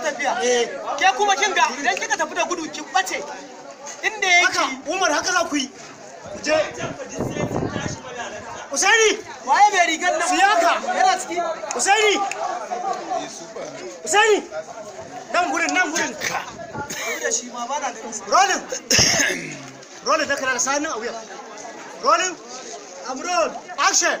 ta tafiya eh. ke kuma kin ga idan kika tafi da gudu kin bace inda yake umar haka za ku yi je Usaini waye mai rigar nan siyaka yana ciki Usaini Usaini nan gurin nan gurin ka da shi ma ba na rolling rolling da kana da sanin a wuya rolling amron action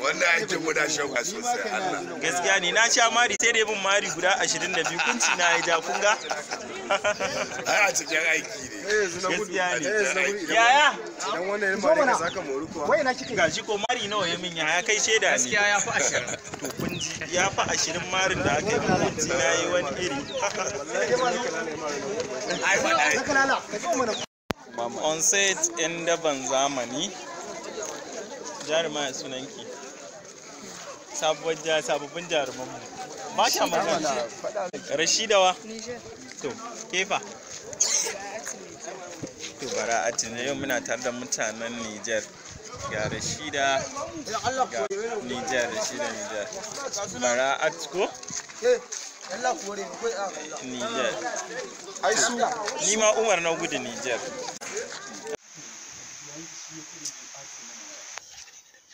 wannan aikin shauka sosai Allah gaskiya ne na sha mari sai dai bin mari guda 22 kunci na ya ja kunga ai a cikin aiki ne eh, gaskiya ne eh, yaya dan wannan mari ka mori ko mari nawa ya min kai sheda ne gaskiya ya fi 20 to kunji ya fi 20 marin da aka yi kunci na yi wani iri on set in daban zamani jaruma sunanki sabuwar ja sababbin jaruman mu ba ta magana rashidawa to kefa to bara a yau muna tare da mutanen Nijar ga rashida ga Nijar rashida Nijar bara a ko Nijar. Ni ma Umar na gudu Nijar.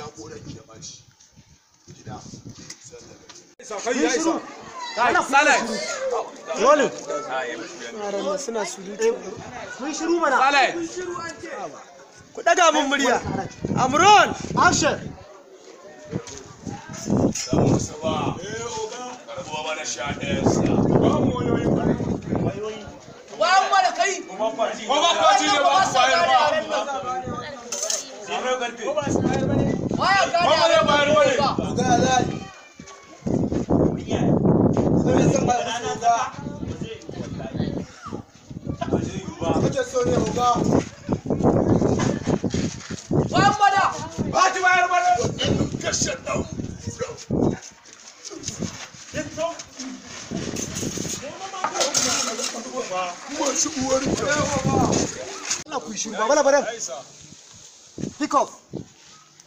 gida ko ranki da bashi gida suna surutu kun shiru mana ku daga mun murya amron action samu saba eh oga karbuwa mana sha ɗaya sa ba mu wayoyi ba wayoyi wawan mana kai ko ba kake so bayan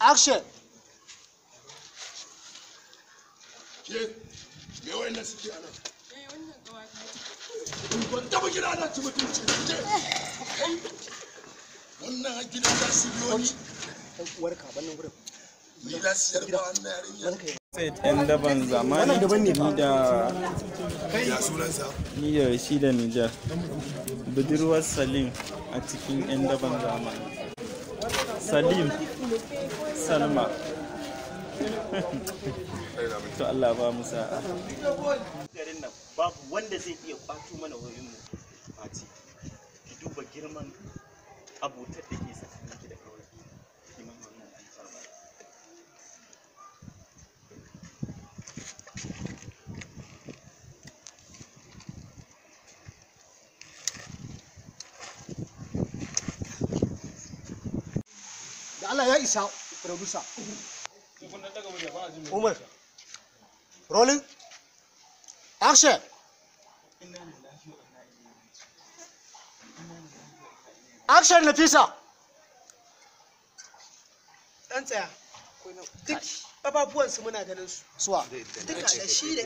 Action. Ke, me wayan suke anan? Ban taba gida na ci mutunci je. Wannan gida za su biyo ni. Warka gurin. Ni za su yarba wannan yarinya. ɗan daban zamani ni da ni da shi da Nijar budurwar Salim a cikin 'yan daban zamani Salim Salma to Allah ba mu sa'a garin nan babu wanda zai iya kwato mana wurin mu fati ki duba girman abotar da ke tsakanin ki da kawai imam wannan an farba da Allah ya isa producer عمر رولينج اخشى اخشى نفيسه انت يا تك بابا بوان سمنا غنن سوا تك على شي ده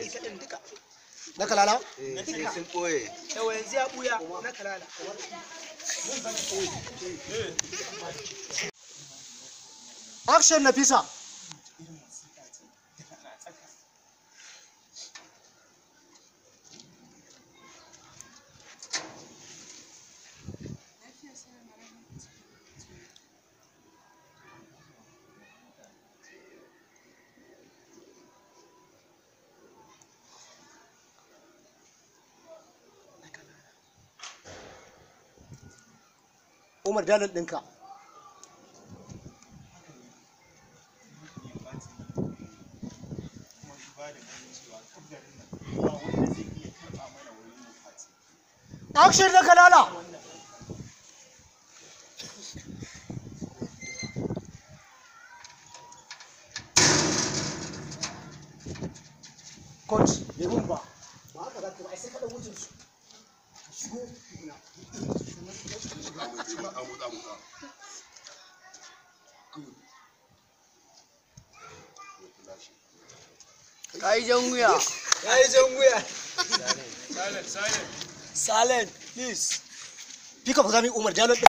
umar dalil ɗinka akshir da kalala coach bai ba ba haka za ka ba sai kada wucin su Ka yi jan wuya. Silent, silent. Silent, please. Pick up Rami Umar, Jalal.